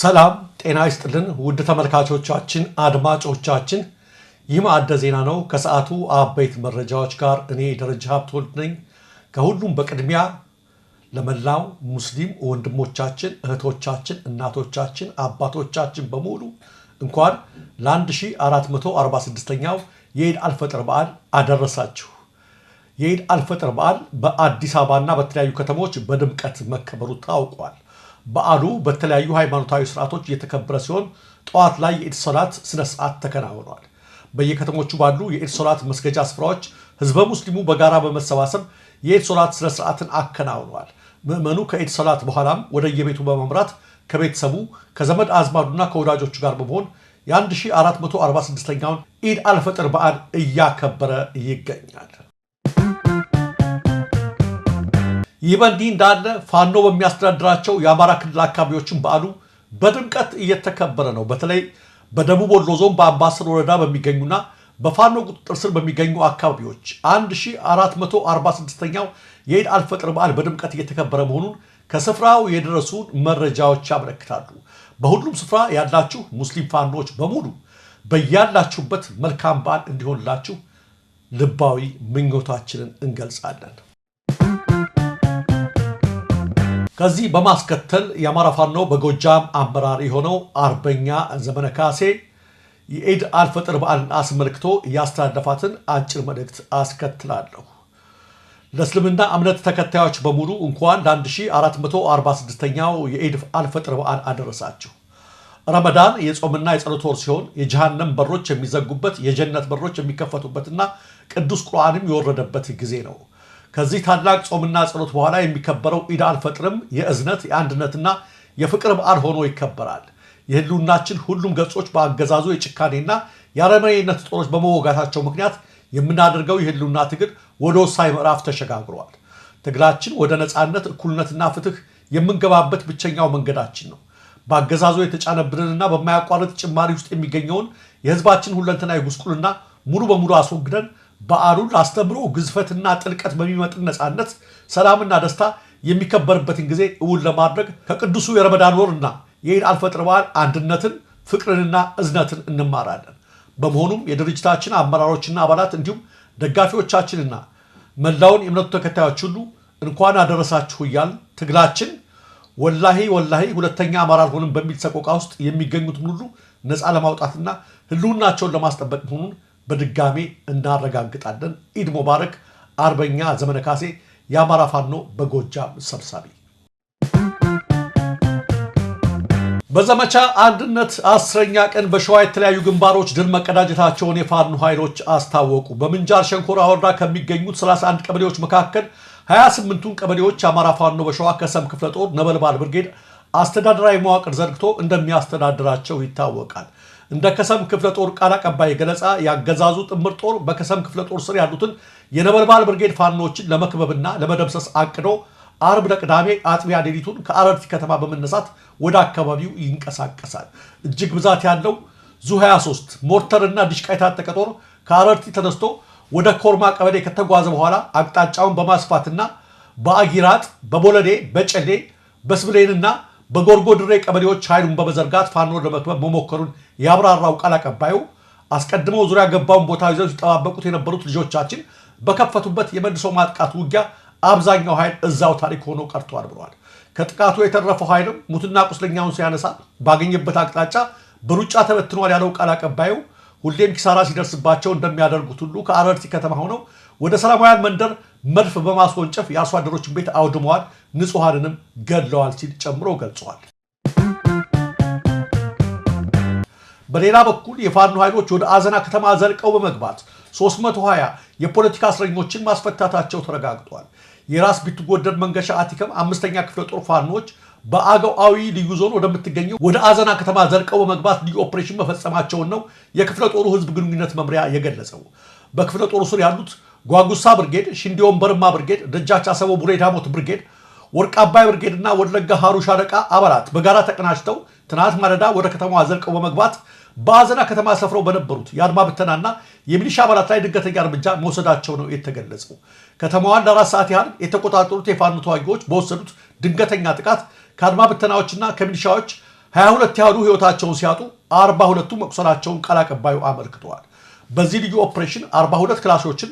ሰላም ጤና ይስጥልን ውድ ተመልካቾቻችን፣ አድማጮቻችን፣ ይህ ማዕደ ዜና ነው። ከሰዓቱ አበይት መረጃዎች ጋር እኔ ደረጃ ሀብትወልድ ነኝ። ከሁሉም በቅድሚያ ለመላው ሙስሊም ወንድሞቻችን፣ እህቶቻችን፣ እናቶቻችን፣ አባቶቻችን በሙሉ እንኳን ለ1446ኛው የኢድ አልፈጥር በዓል አደረሳችሁ። የኢድ አልፈጥር በዓል በአዲስ አበባና በተለያዩ ከተሞች በድምቀት መከበሩ ታውቋል። በዓሉ በተለያዩ ሃይማኖታዊ ስርዓቶች እየተከበረ ሲሆን ጠዋት ላይ የኢድ ሶላት ስነ ስርዓት ተከናውኗል። በየከተሞቹ ባሉ የኢድ ሶላት መስገጃ ስፍራዎች ህዝበ ሙስሊሙ በጋራ በመሰባሰብ የኢድ ሶላት ስነ ስርዓትን አከናውኗል። ምዕመኑ ከኢድ ሶላት በኋላም ወደ የቤቱ በማምራት ከቤተሰቡ ከዘመድ አዝማዱና ከወዳጆቹ ጋር በመሆን የ1446ኛውን ኢድ አልፈጥር በዓል እያከበረ ይገኛል። ይህ በእንዲህ እንዳለ ፋኖ በሚያስተዳድራቸው የአማራ ክልል አካባቢዎችን በዓሉ በድምቀት እየተከበረ ነው። በተለይ በደቡብ ወሎ ዞን በአምባሰል ወረዳ በሚገኙና በፋኖ ቁጥጥር ስር በሚገኙ አካባቢዎች 1446ኛው የኢድ አልፈጥር በዓል በድምቀት እየተከበረ መሆኑን ከስፍራው የደረሱን መረጃዎች ያመለክታሉ። በሁሉም ስፍራ ያላችሁ ሙስሊም ፋኖች በሙሉ በያላችሁበት መልካም በዓል እንዲሆንላችሁ ልባዊ ምኞታችንን እንገልጻለን። ከዚህ በማስከተል የአማራ ፋኖ በጎጃም አመራር የሆነው አርበኛ ዘመነ ካሴ የኢድ አልፈጥር በዓልን አስመልክቶ ያስተላለፋትን አጭር መልእክት አስከትላለሁ። ለእስልምና እምነት ተከታዮች በሙሉ እንኳን ለ1446ኛው የኢድ አልፈጥር በዓል አደረሳችሁ። ረመዳን የጾምና የጸሎት ወር ሲሆን የጀሃነም በሮች የሚዘጉበት የጀነት በሮች የሚከፈቱበትና ቅዱስ ቁርአንም የወረደበት ጊዜ ነው። ከዚህ ታላቅ ጾምና ጸሎት በኋላ የሚከበረው ኢድ አልፈጥርም የእዝነት የአንድነትና የፍቅር በዓል ሆኖ ይከበራል። የህልውናችን ሁሉም ገጾች በአገዛዙ የጭካኔና የአረመኔነት ጦሮች በመወጋታቸው ምክንያት የምናደርገው የህልውና ትግል ወደ ወሳኝ ምዕራፍ ተሸጋግሯል። ትግላችን ወደ ነፃነት፣ እኩልነትና ፍትህ የምንገባበት ብቸኛው መንገዳችን ነው። በአገዛዙ የተጫነብንንና በማያቋርጥ ጭማሪ ውስጥ የሚገኘውን የህዝባችን ሁለንተናዊ የጉስቁልና ሙሉ በሙሉ አስወግደን በዓሉን አስተምሮ ግዝፈትና ጥልቀት በሚመጥን ነፃነት ሰላምና ደስታ የሚከበርበትን ጊዜ እውን ለማድረግ ከቅዱሱ የረመዳን ወርና የኢድ አልፈጥር በዓል አንድነትን፣ ፍቅርንና እዝነትን እንማራለን። በመሆኑም የድርጅታችን አመራሮችና አባላት እንዲሁም ደጋፊዎቻችንና መላውን የእምነቱ ተከታዮች ሁሉ እንኳን አደረሳችሁ እያል ትግላችን ወላሂ ወላሂ ሁለተኛ አማራ አልሆንም በሚል ሰቆቃ ውስጥ የሚገኙትን ሁሉ ነፃ ለማውጣትና ህልውናቸውን ለማስጠበቅ መሆኑን በድጋሚ እናረጋግጣለን። ኢድ ሙባረክ። አርበኛ ዘመነ ካሴ የአማራ ፋኖ በጎጃም ሰብሳቢ። በዘመቻ አንድነት አስረኛ ቀን በሸዋ የተለያዩ ግንባሮች ድል መቀዳጀታቸውን የፋኖ ኃይሎች አስታወቁ። በምንጃር ሸንኮራ ወረዳ ከሚገኙት 31 ቀበሌዎች መካከል 28ቱን ቀበሌዎች የአማራ ፋኖ በሸዋ ከሰም ክፍለ ጦር ነበልባል ብርጌድ አስተዳደራዊ መዋቅር ዘርግቶ እንደሚያስተዳድራቸው ይታወቃል። እንደ ከሰም ክፍለ ጦር ቃል አቀባይ ገለጻ ያገዛዙ ጥምር ጦር በከሰም ክፍለ ጦር ስር ያሉትን የነበልባል ብርጌድ ፋኖችን ለመክበብና ለመደምሰስ አቅዶ አርብ ለቅዳሜ አጥቢያ ሌሊቱን ከአረርቲ ከተማ በመነሳት ወደ አካባቢው ይንቀሳቀሳል። እጅግ ብዛት ያለው ዙ 23 ሞርተርና ድሽቃ የታጠቀ ጦር ከአረርቲ ተነስቶ ወደ ኮርማ ቀበሌ ከተጓዘ በኋላ አቅጣጫውን በማስፋትና በአጊራጥ፣ በቦለዴ፣ በጨሌ፣ በስብሌንና በጎርጎ ድሬ ቀበሌዎች ኃይሉን በመዘርጋት ፋኖን ለመክበብ መሞከሩን ያብራራው ቃል አቀባዩ አስቀድመው ዙሪያ ገባውን ቦታ ይዘው ሲጠባበቁት የነበሩት ልጆቻችን በከፈቱበት የመልሶ ማጥቃት ውጊያ አብዛኛው ኃይል እዛው ታሪክ ሆኖ ቀርቷል ብለዋል። ከጥቃቱ የተረፈው ኃይልም ሙትና ቁስለኛውን ሲያነሳ ባገኘበት አቅጣጫ በሩጫ ተበትኗል ያለው ቃል አቀባዩ ሁሌም ኪሳራ ሲደርስባቸው እንደሚያደርጉት ሁሉ ከአረርቲ ከተማ ሆነው ወደ ሰላማውያን መንደር መድፍ በማስወንጨፍ የአርሶ አደሮችን ቤት አውድመዋል፣ ንጹሐንንም ገድለዋል ሲል ጨምሮ ገልጸዋል። በሌላ በኩል የፋኖ ኃይሎች ወደ አዘና ከተማ ዘልቀው በመግባት 320 የፖለቲካ እስረኞችን ማስፈታታቸው ተረጋግጧል። የራስ ቢትጎደድ መንገሻ አቲከም አምስተኛ ክፍለ ጦር ፋኖች በአገው ልዩ ዞን ወደምትገኘው ወደ አዘና ከተማ ዘልቀው በመግባት ልዩ ኦፕሬሽን መፈጸማቸውን ነው የክፍለ ጦሩ ህዝብ ግንኙነት መምሪያ የገለጸው። በክፍለ ጦሩ ስር ያሉት ጓጉሳ ብርጌድ፣ ሽንዲዮን በርማ ብርጌድ፣ ደጃች አሰቦ ቡሬዳሞት ብርጌድ፣ ወርቅ አባይ ብርጌድ እና ወለጋ ሀሩ ሻለቃ አባላት በጋራ ተቀናጅተው ትናንት ማለዳ ወደ ከተማዋ ዘልቀው በመግባት በአዘና ከተማ ሰፍረው በነበሩት የአድማ ብተናና የሚሊሻ አባላት ላይ ድንገተኛ እርምጃ መውሰዳቸው ነው የተገለጸው። ከተማዋን ለአራት ሰዓት ያህል የተቆጣጠሩት የፋኖ ተዋጊዎች በወሰዱት ድንገተኛ ጥቃት ከአድማ ብተናዎችና ከሚሊሻዎች 22 ያህሉ ህይወታቸውን ሲያጡ 42ቱ መቁሰላቸውን ቃል አቀባዩ አመልክተዋል። በዚህ ልዩ ኦፕሬሽን 42 ክላሾችን፣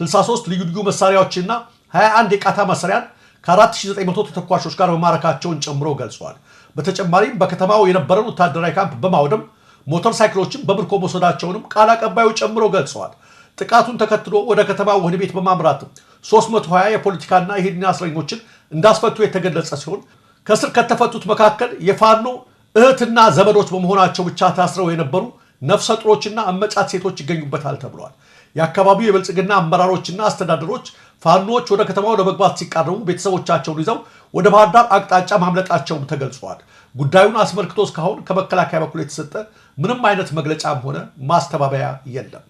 63 ልዩ ልዩ መሳሪያዎችና 21 የቃታ መሳሪያን ከ4900 ተተኳሾች ጋር መማረካቸውን ጨምሮ ገልጸዋል። በተጨማሪም በከተማው የነበረን ወታደራዊ ካምፕ በማውደም ሞተር ሳይክሎችን በምርኮ መውሰዳቸውንም ቃል አቀባዩ ጨምሮ ገልጸዋል። ጥቃቱን ተከትሎ ወደ ከተማ ወህኒ ቤት በማምራትም 320 የፖለቲካና የህሊና እስረኞችን እንዳስፈቱ የተገለጸ ሲሆን ከስር ከተፈቱት መካከል የፋኖ እህትና ዘመዶች በመሆናቸው ብቻ ታስረው የነበሩ ነፍሰ ጥሮችና አመጫት ሴቶች ይገኙበታል ተብሏል። የአካባቢው የብልጽግና አመራሮችና አስተዳደሮች ፋኖዎች ወደ ከተማው ለመግባት ሲቃረሙ ቤተሰቦቻቸውን ይዘው ወደ ባህር ዳር አቅጣጫ ማምለጣቸውም ተገልጿል። ጉዳዩን አስመልክቶ እስካሁን ከመከላከያ በኩል የተሰጠ ምንም አይነት መግለጫም ሆነ ማስተባበያ የለም።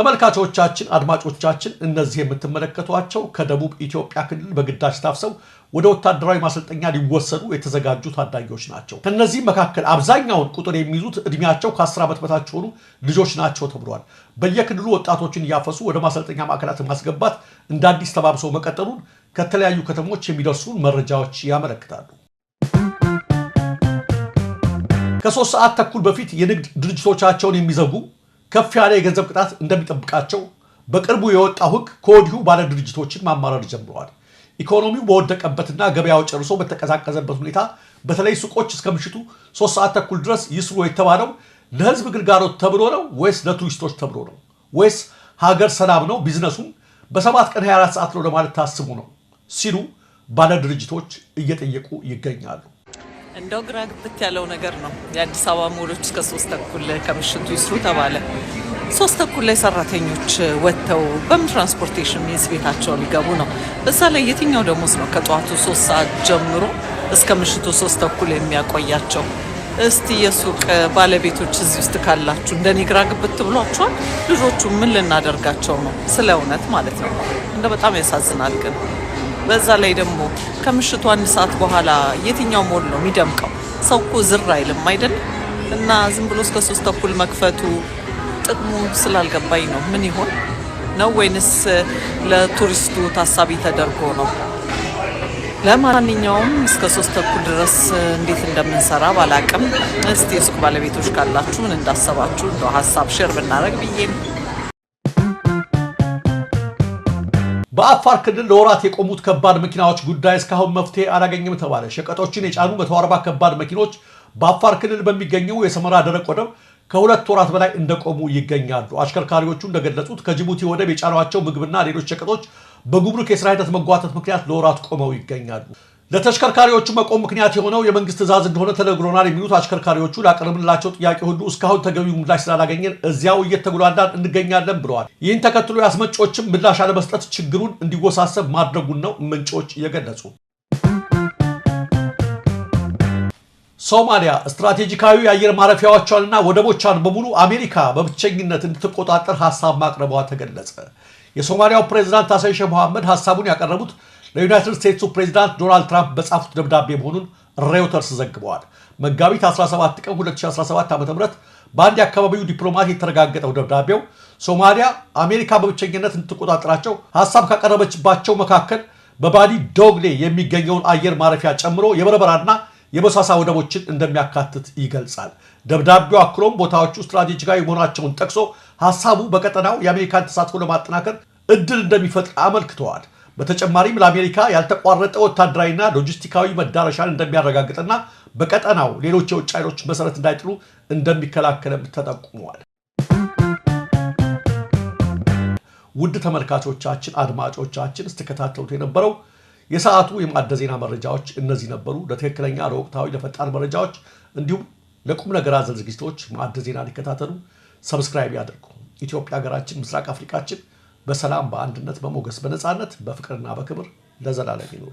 ተመልካቾቻችን፣ አድማጮቻችን እነዚህ የምትመለከቷቸው ከደቡብ ኢትዮጵያ ክልል በግዳጅ ታፍሰው ወደ ወታደራዊ ማሰልጠኛ ሊወሰዱ የተዘጋጁ ታዳጊዎች ናቸው። ከእነዚህም መካከል አብዛኛውን ቁጥር የሚይዙት እድሜያቸው ከአስር ዓመት በታች የሆኑ ልጆች ናቸው ተብሏል። በየክልሉ ወጣቶችን እያፈሱ ወደ ማሰልጠኛ ማዕከላት ማስገባት እንደ አዲስ ተባብሰው መቀጠሉን ከተለያዩ ከተሞች የሚደርሱን መረጃዎች ያመለክታሉ። ከሶስት ሰዓት ተኩል በፊት የንግድ ድርጅቶቻቸውን የሚዘጉ ከፍ ያለ የገንዘብ ቅጣት እንደሚጠብቃቸው በቅርቡ የወጣው ህግ ከወዲሁ ባለ ድርጅቶችን ማማረር ጀምረዋል። ኢኮኖሚው በወደቀበትና ገበያው ጨርሶ በተቀዛቀዘበት ሁኔታ በተለይ ሱቆች እስከ ምሽቱ ሶስት ሰዓት ተኩል ድረስ ይስሩ የተባለው ለህዝብ ግልጋሎት ተብሎ ነው ወይስ ለቱሪስቶች ተብሎ ነው ወይስ ሀገር ሰላም ነው ቢዝነሱም በሰባት ቀን 24 ሰዓት ነው ለማለት ታስቡ ነው ሲሉ ባለ ድርጅቶች እየጠየቁ ይገኛሉ። እንደው ግራ ግብት ያለው ነገር ነው። የአዲስ አበባ ሞሎች እስከ ሶስት ተኩል ከምሽቱ ይስሩ ተባለ። ሶስት ተኩል ላይ ሰራተኞች ወጥተው በምን ትራንስፖርቴሽን ሚንስ ቤታቸው ሊገቡ ነው። በዛ ላይ የትኛው ደሞዝ ነው ከጠዋቱ ሶስት ሰዓት ጀምሮ እስከ ምሽቱ ሶስት ተኩል የሚያቆያቸው? እስቲ የሱቅ ባለቤቶች እዚህ ውስጥ ካላችሁ እንደኔ ግራ ግብት ብሏቸዋል። ልጆቹ ምን ልናደርጋቸው ነው? ስለ እውነት ማለት ነው። እንደ በጣም ያሳዝናል ግን በዛ ላይ ደግሞ ከምሽቱ አንድ ሰዓት በኋላ የትኛው ሞል ነው የሚደምቀው? ሰው እኮ ዝር አይልም አይደል? እና ዝም ብሎ እስከ ሶስት ተኩል መክፈቱ ጥቅሙ ስላልገባኝ ነው። ምን ይሆን ነው ወይንስ ለቱሪስቱ ታሳቢ ተደርጎ ነው? ለማንኛውም እስከ ሶስት ተኩል ድረስ እንዴት እንደምንሰራ ባላቅም፣ እስቲ የሱቅ ባለቤቶች ካላችሁ ምን እንዳሰባችሁ እንደ ሀሳብ ሼር ብናደረግ ብዬ ነው። በአፋር ክልል ለወራት የቆሙት ከባድ መኪናዎች ጉዳይ እስካሁን መፍትሄ አላገኘም ተባለ። ሸቀጦችን የጫኑ መቶ አርባ ከባድ መኪኖች በአፋር ክልል በሚገኘው የሰመራ ደረቅ ወደብ ከሁለት ወራት በላይ እንደቆሙ ይገኛሉ። አሽከርካሪዎቹ እንደገለጹት ከጅቡቲ ወደብ የጫኗቸው ምግብና ሌሎች ሸቀጦች በጉምሩክ የስራ ሂደት መጓተት ምክንያት ለወራት ቆመው ይገኛሉ። ለተሽከርካሪዎቹ መቆም ምክንያት የሆነው የመንግስት ትእዛዝ እንደሆነ ተነግሮናል የሚሉት አሽከርካሪዎቹ ላቀረብንላቸው ጥያቄ ሁሉ እስካሁን ተገቢው ምላሽ ስላላገኘን እዚያው እየተጎዳዳን እንገኛለን ብለዋል። ይህን ተከትሎ የአስመጪዎችም ምላሽ አለመስጠት ችግሩን እንዲወሳሰብ ማድረጉን ነው ምንጮች የገለጹ። ሶማሊያ ስትራቴጂካዊ የአየር ማረፊያዎቿንና ወደቦቿን በሙሉ አሜሪካ በብቸኝነት እንድትቆጣጠር ሀሳብ ማቅረቧ ተገለጸ። የሶማሊያው ፕሬዚዳንት አሳይሸ መሐመድ ሀሳቡን ያቀረቡት ለዩናይትድ ስቴትሱ ፕሬዚዳንት ዶናልድ ትራምፕ በጻፉት ደብዳቤ መሆኑን ሬውተርስ ዘግበዋል። መጋቢት 17 ቀን 2017 ዓ ም በአንድ የአካባቢው ዲፕሎማት የተረጋገጠው ደብዳቤው ሶማሊያ አሜሪካ በብቸኝነት እንድትቆጣጠራቸው ሀሳብ ካቀረበችባቸው መካከል በባዲ ዶግሌ የሚገኘውን አየር ማረፊያ ጨምሮ የበርበራና የበሳሳ ወደቦችን እንደሚያካትት ይገልጻል። ደብዳቤው አክሎም ቦታዎቹ ስትራቴጂካዊ መሆናቸውን ጠቅሶ ሀሳቡ በቀጠናው የአሜሪካን ተሳትፎ ለማጠናከር እድል እንደሚፈጥር አመልክተዋል። በተጨማሪም ለአሜሪካ ያልተቋረጠ ወታደራዊና ሎጂስቲካዊ መዳረሻን እንደሚያረጋግጥና በቀጠናው ሌሎች የውጭ ኃይሎች መሰረት እንዳይጥሉ እንደሚከላከልም ተጠቁመዋል። ውድ ተመልካቾቻችን፣ አድማጮቻችን ስትከታተሉት የነበረው የሰዓቱ የማዕደ ዜና መረጃዎች እነዚህ ነበሩ። ለትክክለኛ ለወቅታዊ፣ ለፈጣን መረጃዎች እንዲሁም ለቁም ነገር አዘል ዝግጅቶች ማዕደ ዜና ሊከታተሉ ሰብስክራይብ ያድርጉ። ኢትዮጵያ ሀገራችን፣ ምስራቅ አፍሪካችን በሰላም በአንድነት በሞገስ በነፃነት በፍቅርና በክብር ለዘላለም ይኑሩ።